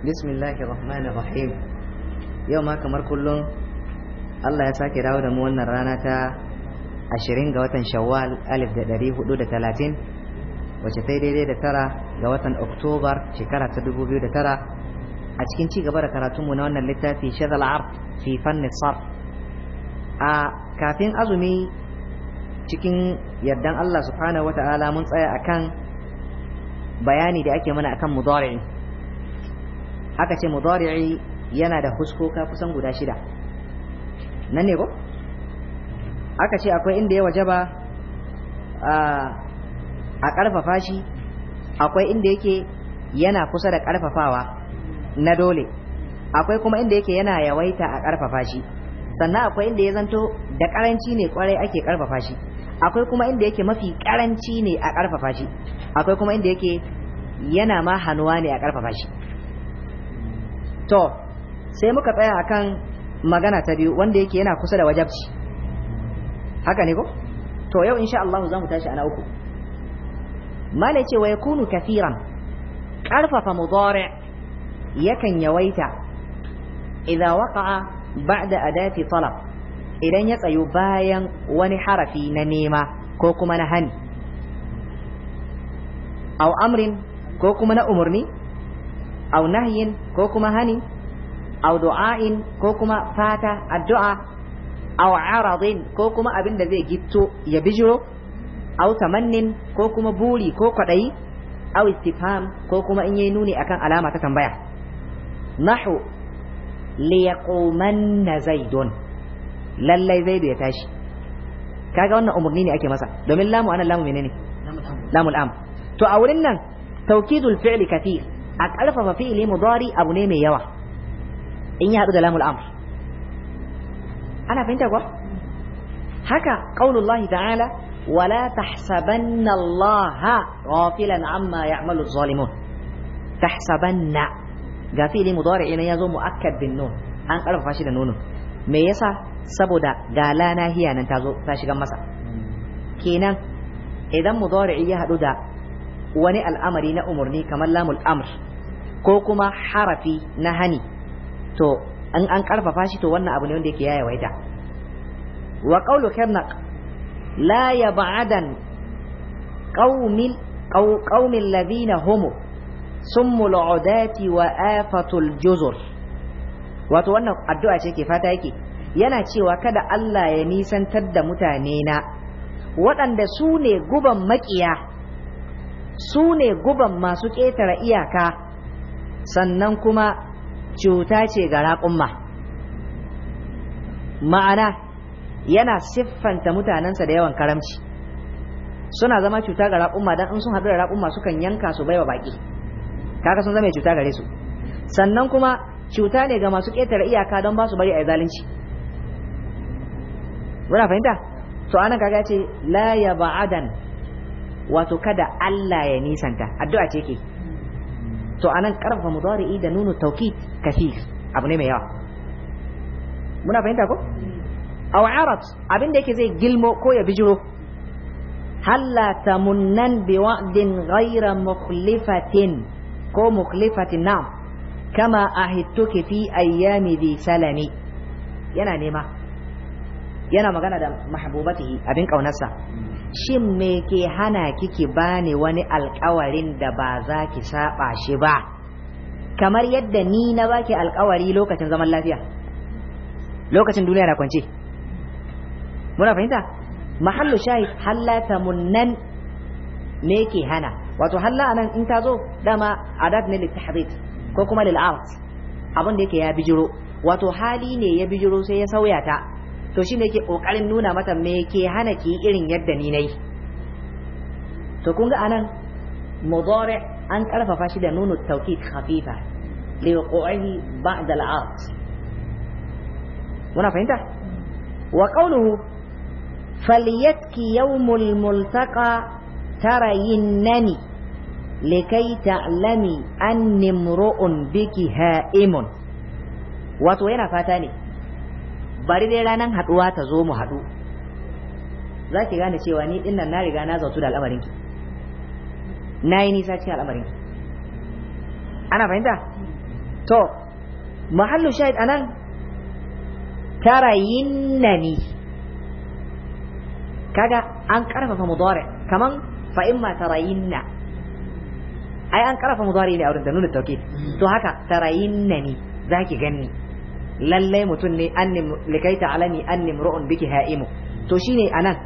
bismillahi rahmanir rahim yau ma kamar kullum Allah ya sake dawo da mu wannan rana ta 20 ga watan Shawwal 1430 wacce ta daidai da tara ga watan Oktobar shekara ta 2009 a cikin ci gaba da karatun mu na wannan littafi Shadal Art fi fanni sarf a kafin azumi cikin yardan Allah subhanahu wata'ala mun tsaya akan bayani da ake mana akan mudari'in aka ce mudari'i yana da huskoka kusan guda shida nan ne ko aka ce akwai inda ya wajaba a ƙarfafa shi akwai inda yake yana kusa da ƙarfafawa na dole akwai kuma inda yake yana yawaita a ƙarfafa shi sannan akwai inda ya zanto da ƙaranci ne kwarai ake ƙarfafa shi akwai kuma inda yake mafi ƙaranci ne a ƙarfafa shi akwai kuma inda yake yana ma hannuwa ne a ƙarfafa shi to sai muka tsaya akan magana ta biyu wanda yake yana kusa da wajabci haka ne ko to yau insha Allah zan tashi ana uku mala ce wa kunu kafiran karfafa mudari yakan yawaita idza waqa'a ba'da adati talab idan ya tsayu bayan wani harafi na nema ko kuma na hani aw amrin ko kuma na umurni aw nahyin ko kuma hani aw du'ain ko kuma fata addu'a aw aradin ko kuma abin da zai gitto ya bijiro aw tamannin ko kuma buri ko kwadayi aw istifham ko kuma in yayi nuni akan alama ta tambaya nahu liyaqumanna zaidun lallai zaidu ya tashi kaga wannan umarni ne ake masa domin lamu ana lamu menene Lamu am to a wurin nan tawkidul fi'li kathir أكلفف ففي لي مضاري أبو نيمي يوا إني هذا دلام الأمر أنا فهمت أقوى هكا قول الله تعالى ولا تحسبن الله غافلا عما يعمل الظالمون تحسبن غافي لي مضاري إلي يزو مؤكد بالنون أكلفف فاشد النون ميسا سبودا قالانا هي أن تزو فاشد مسا كينا إذا مضاري يهدو دا وني الأمر ني أمر ني كمال لام الأمر ko kuma harafi na hani to in an karfafa shi to wannan abu ne wanda yake yaya waita wa qawlu karnaq la yab'adan qaumin qaumin ladina hum summul udati wa afatul juzur wato wannan addu'a ce ke fata yake yana cewa kada Allah ya nisantar da mutane na waɗanda su ne guban maƙiya su ne guban masu ƙetare iyaka sannan kuma cuta ce ga raƙumma ma'ana yana siffanta mutanensa da yawan karamci suna zama cuta ga raƙumma don in sun haɗu da raƙumma sukan yanka su baiwa baƙi kaka sun zama cuta gare su sannan kuma cuta ne ga masu ƙetare iyaka don ba su bari a yi zalunci muna fahimta to anan kaga ce la ya ba'adan wato kada Allah ya nisanta addu'a ce ke تو انان قرف مضارع ده نون التوكيد كثير ابو نيميا منا فهمت اكو او عرض ابين ديكي زي جلمو كو يا بجرو هلا تمنن بوعد غير مخلفة كو مخلفة نعم كما اهدتك في ايام ذي سلامي يا نيما يا مغانا محبوبته ابين كو نسا shin me ke hana kiki bani wani alkawarin da ba za ki saba shi ba kamar yadda ni na baki alkawari lokacin zaman lafiya lokacin duniya na kwance muna fahimta mahallu Shahi, hallata munnan me ke hana wato halla anan in ta zo dama adat ne litahdid ko kuma lil abin da yake ya bijiro wato hali ne ya bijiro sai ya sauya ta to shine yake kokarin nuna mata me yake hana ki irin yadda ni nayi to kun ga anan mudari an karfafa shi da nunu tawkid khafifa li wuqu'ihi ba'da al-'ard muna fahimta wa qawluhu falyatki yawmul multaqa tarayinnani likai ta'lami anni imru'un biki ha'imun wato yana fata ne bari dai ranar haɗuwa ta zo mu haɗu za ki gane cewa ni ɗin nan na riga na zautu da al'amarinki na yi nisa cikin al'amarinki ana fahimta to mahallu shahid anan tara yinnani kaga an karfafa mudari kaman fa imma yinna ai an karfafa mudari ne a wurin da nuna tawkid to haka tarayinnani zaki ganni lallai mutum ne annim likai ta'alami annim ru'un biki ha'imu to shine anan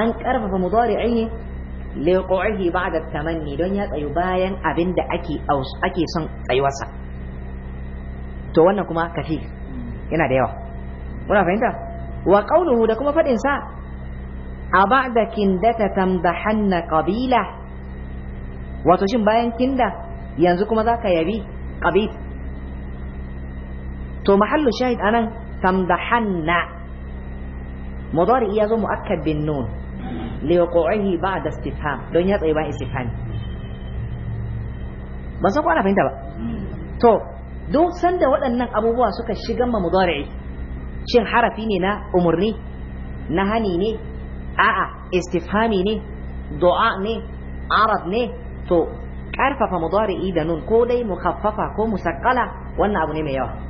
an karfafa mudari'i ne liqa'ihi ba'da tamanni don ya tsayu bayan abinda ake ake son tsayuwarsa to wannan kuma kafi yana da yawa muna fahimta wa qawluhu da kuma fadin sa a ba'da kindata tamdahanna qabila wato shin bayan kinda yanzu kuma zaka yabi qabil to mahallu shahid anan tamdahanna mudari ya zo mu'akkad bin nun li wuqu'ihi ba'da istifham don ya tsaye a istifham ba san ko ana fahimta ba to don sanda waɗannan abubuwa suka shiga ma mudari shin harafi ne na umarni na hani ne a'a istifhami ne doa ne arab ne to karfafa mudari'i da nun ko dai mukaffafa ko mu musaqqala wannan abu ne mai yawa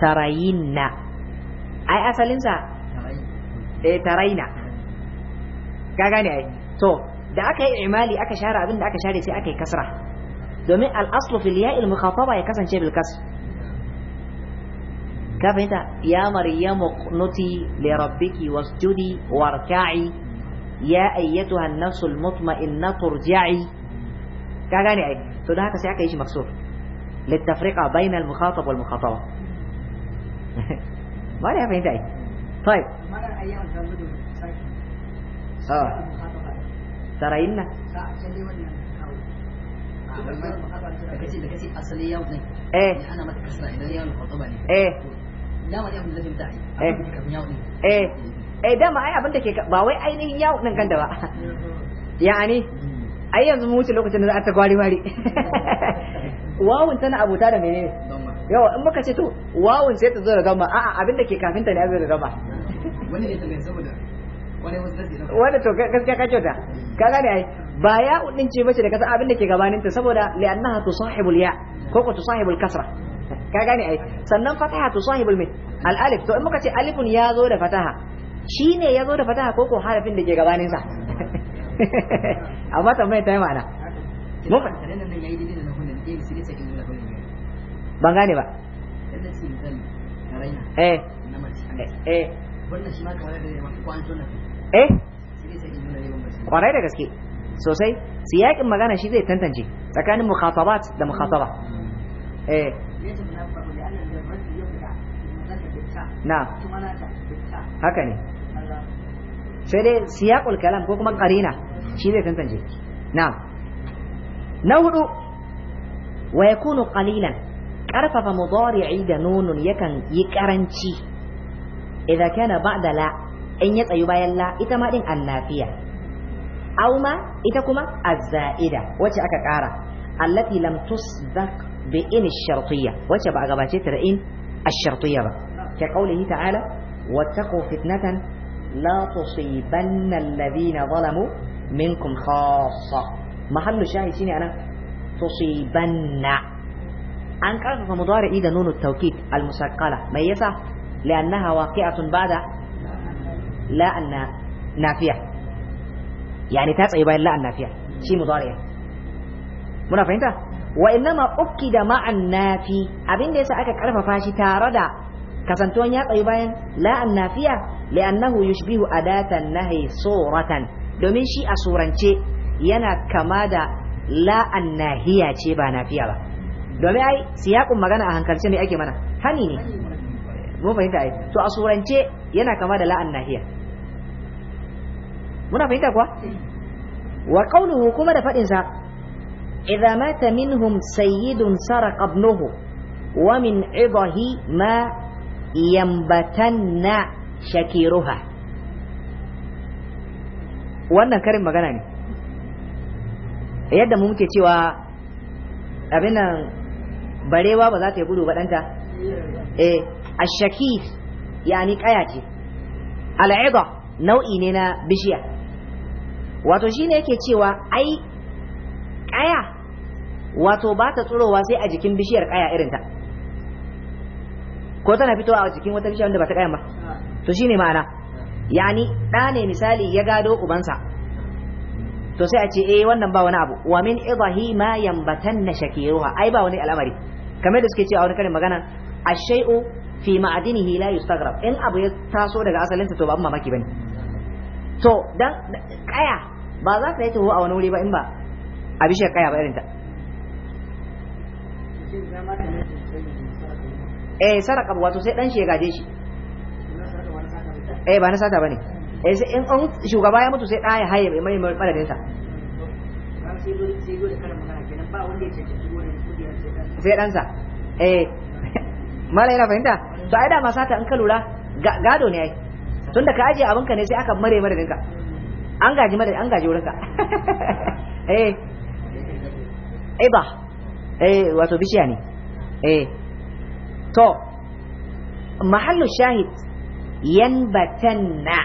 ترين أي أصل سا إيه ترين كاغاني أي تو ده أكي إعمالي أكي شهر أبن ده أكي شهر يسي أكي كسرة دوما الأصل في الياء المخاطبة يكسر شيء بالكسر كافي أنت يا مريم اقنتي لربك واسجدي واركعي يا أيتها النفس المطمئنة ترجعي كاغاني أي تو ده أكي شهر أكي شي مكسور للتفرقة بين المخاطب والمخاطبة ما لها فين داي طيب آه. ترى إلا المخاطبة كثير أصلية ايه انا ايه ده ما ايه ده ما ايه, إيه. يعني ايه يعني ايه يعني ايه يعني ايه يعني ايه يعني ايه يعني ايه يعني ايه يعني ايه يعني ايه يعني ايه يعني ايه يعني ايه wawun tana abuta da menene yawa in muka ce to wawun sai ta zo da gama a'a abin da ke kafin ta ne zo da gama wani ne tambaye saboda wani to gaskiya ka kyauta ka gane ai ba ya udin ce bace da kasa abin da ke gabanin ta saboda li'annaha tusahibul ya ko ko tusahibul kasra ka gane ai sannan fataha tusahibul min al alif to in muka ce alifun ya zo da fataha shine ya zo da fataha ko ko harafin da ke gabanin sa amma tambayar ta yi ma'ana mun ban gane ba eh. eh eh eh kwarai da gaske sosai siyakin magana shi zai tantance tsakanin mukhatabat da mukhataba hmm. eh na haka ne sai dai siyaqul kalam ko kuma ƙarina shi zai tantance na na hudu wa yakunu qalilan karfafa mudari'i da nunun yakan yi karanci idan kana ba'da la in ya tsayu bayan la ita ma din annafiya aw ita kuma azza'ida wacce aka ƙara allati lam tusbaq bi in ash-shartiyya wacce ba gabace ta da in ash-shartiyya ba ka qawlihi ta'ala wattaqu fitnatan la tusibanna alladhina zalamu minkum khassa mahallu shahi shine anan tusibanna an karfafa mudari'i da nunu tawkid al-musaqqala mai yasa li'annaha waqi'atun ba'da la anna nafiya yani ta tsaye bayan la anna nafiya shi mudari'a muna fahimta wa innama ukkida ma'an nafi abinda yasa aka karfafa shi tare da kasantuwan ya tsaye bayan la anna nafiya li'annahu yushbihu adatan nahi suratan domin shi a surance yana kama da la'an annahiya ce ba nafiya ba domin ai siyaqun magana a hankalce ne ake mana hani ne mu fahimta ai to a surance yana kama da la'an nahiya muna fahimta kuwa wa qawluhu kuma da fadin sa idza mata minhum sayyidun saraqa ibnuhu wa min idahi ma yambatanna shakiruha wannan karin magana ne yadda mu muke cewa abin nan barewa ba za ta yi gudu ba danta? eh ashakis yani kaya ce al'ida nau'i ne na bishiya wato shine yake cewa ai kaya wato ba ta tsurowa sai a jikin bishiyar kaya irinta ko tana fitowa a jikin wata bishiya wanda ba ta kaya ba to shine ma'ana yani ɗa ne misali ya gado ubansa to sai a ce eh wannan ba wani abu wa min idahi ma yambatan na shakiruha ai ba wani al'amari kamar da suke a wani karin magana a shai'u fi ma'adinihi la yustagrab in abu ya taso daga asalinsa to ba mamaki bane to dan kaya ba za ta yi tuhu a wani wuri ba in ba a bishiyar kaya ba irinta eh saraka wato sai dan shi ya gaje shi eh ba na sata bane eh sai in shugaba ya mutu sai daya ya haye mai mai madadin sai ɗansa eh mala yana fahimta to ai da ma sata in ka lura gado ne ai tunda ka ajiye abinka ne sai aka mare dinka an gaji madadin an gaji wurinka eh iba eh wato bishiya ne eh to mahallu shahid yanbatanna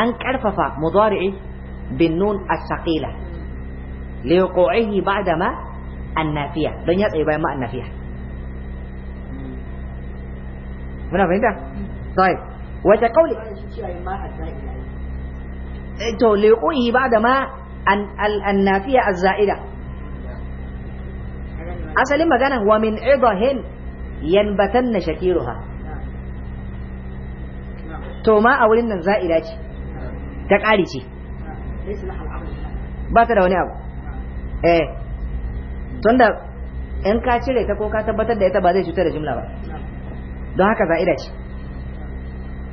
an karfafa mudari'i bin nun as-saqila liwuqu'ihi ba'da ma annafiya don ya tsaye bayan ma annafiya muna fahimta sai wata kauli to liwuqu'ihi ba'da ma an annafiya az-za'ida asalin magana wa min idahin yanbatanna shakiruha to ma a wurin nan za'ida ce ta ƙari ce ba ta da wani abu eh tunda in ka cire ta ko ka tabbatar da ita ba zai cutar da jumla ba don haka za'ida ce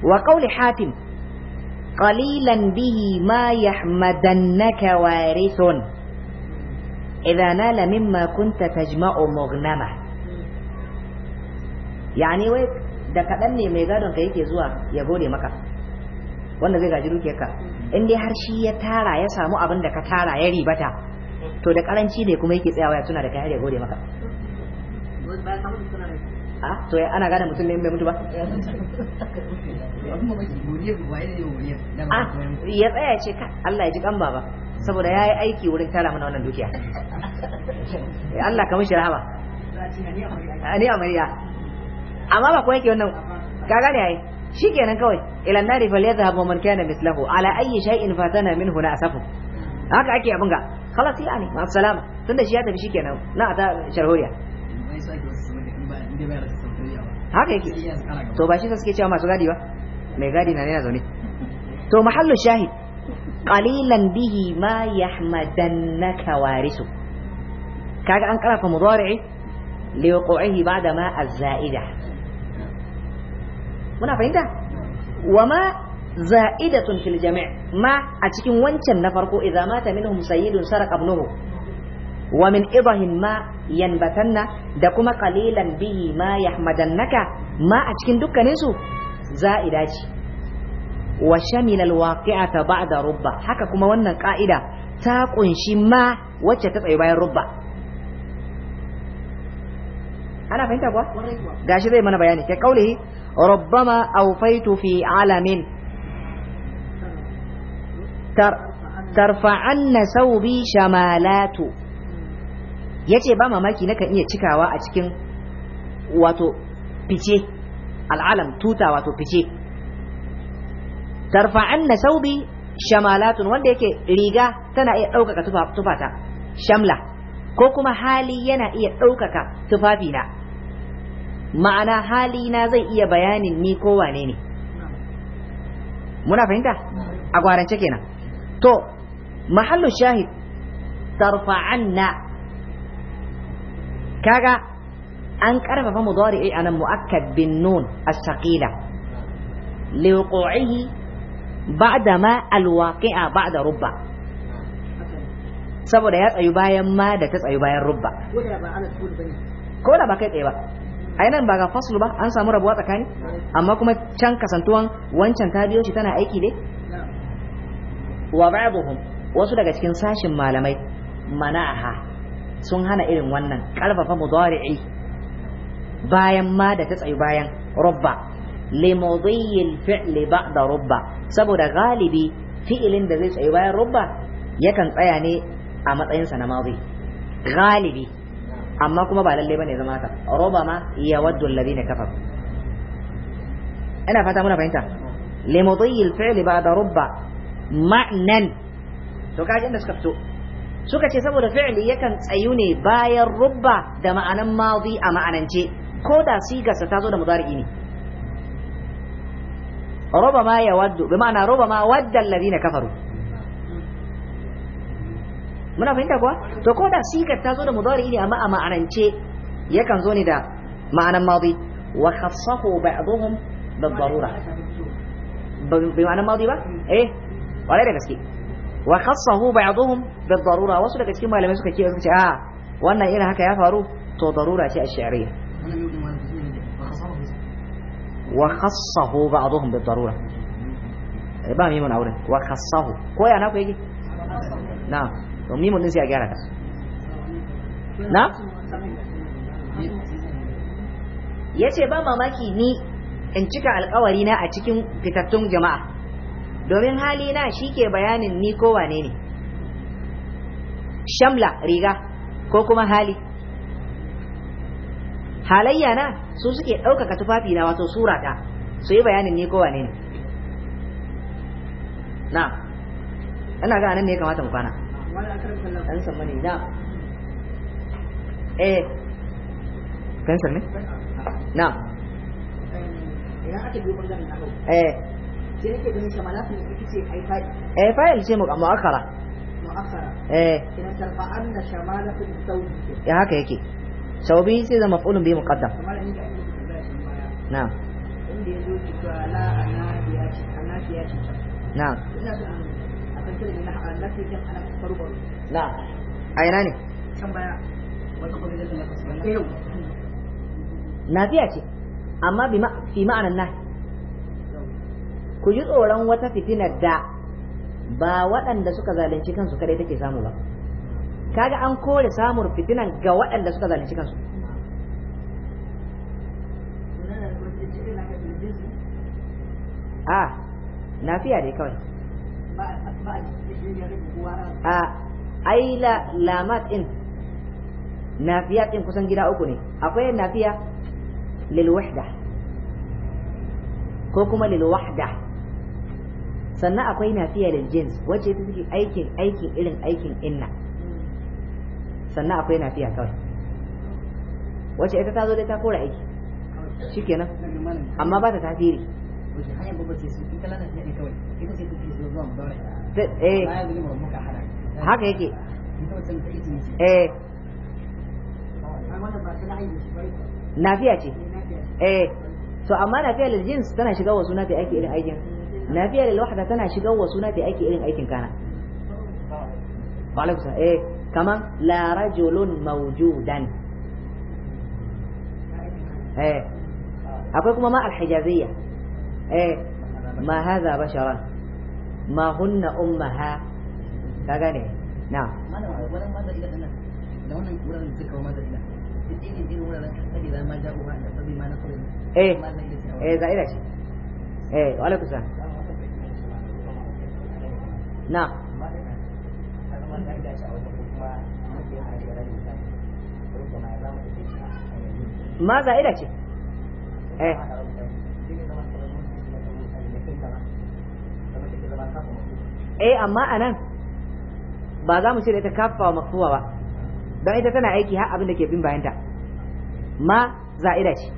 wa qawli hatim qalilan bihi ma yahmadannaka warithun idza nala mimma kunta tajma'u mughnama yani wai da kaɗan ne mai gadon ka yake zuwa ya gode maka wanda zai gaji dukiyarka in dai har shi ya tara ya samu abin da ka tara ya ribata to da karanci ne kuma yake tsayawa ya tuna da kai har ya gode maka a to ya ana gane mutum ne mai mutu ba ya tsaya ce ka Allah ya ji kan baba saboda ya yi aiki wurin tara mana wannan dukiya Allah kamar shi rahama ni amariya amma ba kuwa yake wannan ka gane yayi shikenan kawai ilan nari fal yadhhabu man kana mislahu ala ayyi shay'in fatana minhu na asafu haka ake abin ga خلاص يعني مع السلامه tunda shi ya tafi shikenan na ta sharholiya haka yake to ba shi sa suke cewa masu gadi ba mai gadi na ne na zaune to mahallu shahid qalilan bihi ma yahmadannaka warisu kaga an karafa mudari'i li wuqu'ihi ba'da ma az-za'ida muna fahimta wama za'idatun fil jami' ma a cikin wancan na farko idza mata minhum sayyidun sarqa ibnuhu wa min idahin ma yanbatanna da kuma qalilan bihi ma yahmadannaka ma a cikin dukkanin su za'ida ce wa shamila alwaqi'ata ba'da rubba haka kuma wannan ka'ida ta kunshi ma wacce ta tsaye bayan rubba ana fahimta kuwa gashi zai mana bayani ta kaulihi ربما أوفيت في alamin. tarfa'anna saubi shamalatu yace ba mamaki na kan iya cikawa a cikin wato fice al'alam tuta wato fice tarfa'anna saubi shamalatun wanda yake riga tana iya ɗaukaka tufata shamla ko kuma hali yana iya ɗaukaka tufafina ma'ana hali na zai iya bayanin ni ko wane ne muna fahimta a kwarance kenan to mahallu shahid tarfa'anna kaga an karfafa mudari'i anan mu'akkad bin nun as-saqila liwuqu'ihi ba'da ma al-waqi'a ba'da rubba saboda ya tsayu bayan ma da ta tsayu bayan rubba ko da ba kai tsaye ba a nan ba ga faslu ba an samu rabuwa tsakani amma kuma can kasantuwan wancan ta biyo shi tana aiki ne wa ba'dhum wasu daga cikin sashin malamai mana'aha sun hana irin wannan karfafa mudari'i bayan ma da ta tsayu bayan rubba limudiyil fi'li ba'da rubba saboda galibi fi'ilin da zai tsayu bayan rubba yakan tsaya ne a matsayinsa na madi galibi amma kuma ba lalle bane zama ta rubba ma ya waddu alladhina kafaru ina fata muna fahimta limudiyil fi'li ba'da rubba ma'nan to kaji inda suka fito suka ce saboda fi'li yakan tsayu ne bayan rubba da ma'anan madi a ma'anance ko da sigarsa ta zo da mudari'i ne roba ma ya waddu bi ma'ana roba ma wadda alladhina kafaru muna fahimta kuwa to ko da sigar ta zo da mudari'i ne amma a ma'anance yakan zo ne da ma'anan madi wa khassahu ba'dhum بالضروره بمعنى الماضي بقى ايه ولا غسكي وخصه بعضهم بالضرورة وصل غسكي ما لم يسوك كي يسوك آه وأن إلى هكا يفعلوا تو ضرورة شيء الشعرية وخصه بعضهم بالضرورة ربا ميمون أولا وخصه كوي أنا كوي يجي نعم وميمون ننسي أجارك نعم yace ba mamaki ni in cika alƙawari na a cikin fitattun jama'a domin hali na shi ke bayanin ni ko wane ne shamla riga ko kuma hali halayya na su suke ɗaukaka tufafi na wato sura ta su yi bayanin ni ko wane ne na ana ga nan ne ya kamata mu kwana ɗan samba ne na eh ɗan samba ne na eh ke nake ganin kike eh fa'il ce mu mu'akkara mu'akkara eh ina tarfa anna shamanatun ya haka yake sai zama maf'ulun bi muqaddam na'am inda yazo ki ina a tantar na ana a ne baya wata na ce amma ku ji tsoron wata fitinar da ba waɗanda suka zalunci kansu kadai take samu ba kaga an kore samun fitinan ga waɗanda suka zalunci kansu a ah, nafiya dai kawai a ah, ai la lamat na fiya ɗin kusan gida uku ne akwai nafiya lil wahda ko kuma lil wahda sannan akwai nafiya da jins wacce ta suke aikin aikin irin aikin inna sannan akwai nafiya kawai wacce ita ta zo dai ta kora aiki shikenan amma ba ta tafiri eh. haka yake eh. eh nafiya ce eh so amma nafiya da jins tana shiga wasu nafi aiki irin aikin nafiya da wahda tana shigar wa suna ta ake irin aikin kana wa eh kaman la rajulun mawjudan eh akwai kuma ma alhijaziyya eh ma hadha basharan ma hunna ummaha ka gane na eh eh za'ira ce eh wa alaikum salam na ma za'ida ce eh eh amma anan ba za mu ce da ita kafa mafuwa ba don ita tana aiki har abin da ke bin bayanta ma za'ida ce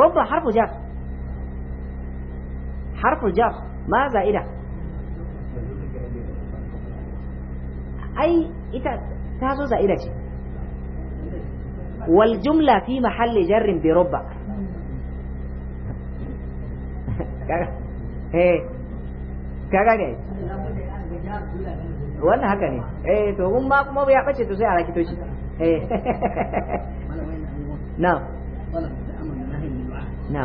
rubba harfu jar harfu jar ma za'ida ai ita ta zo za'ida ce wal jumla fi mahalli jarrin bi rubba kaga eh. ne wannan haka ne eh to kun ma kuma ya bace to sai a rakito shi eh na na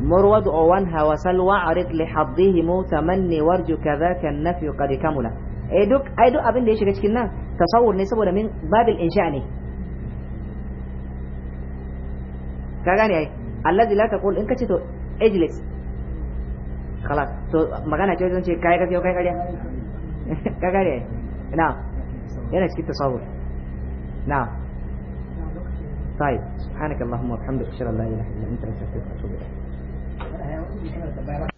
مرود أوانها وسل وعرض لحظه مو تمني ورج كذاك النفي قد كمله أيدوك أيدو أبن ليش كتشكنا تصور نسبة من باب الإنشاءني كاغاني أي الذي لا تقول إنك تشتو اجلس خلاص تو مكانه شو تنشي كاي كذي أو كاي كذي كاي نعم هنا شكي تصور نعم طيب سبحانك اللهم وبحمدك اشهد ان لا اله الا انت استغفرك واتوب اليك 明白了。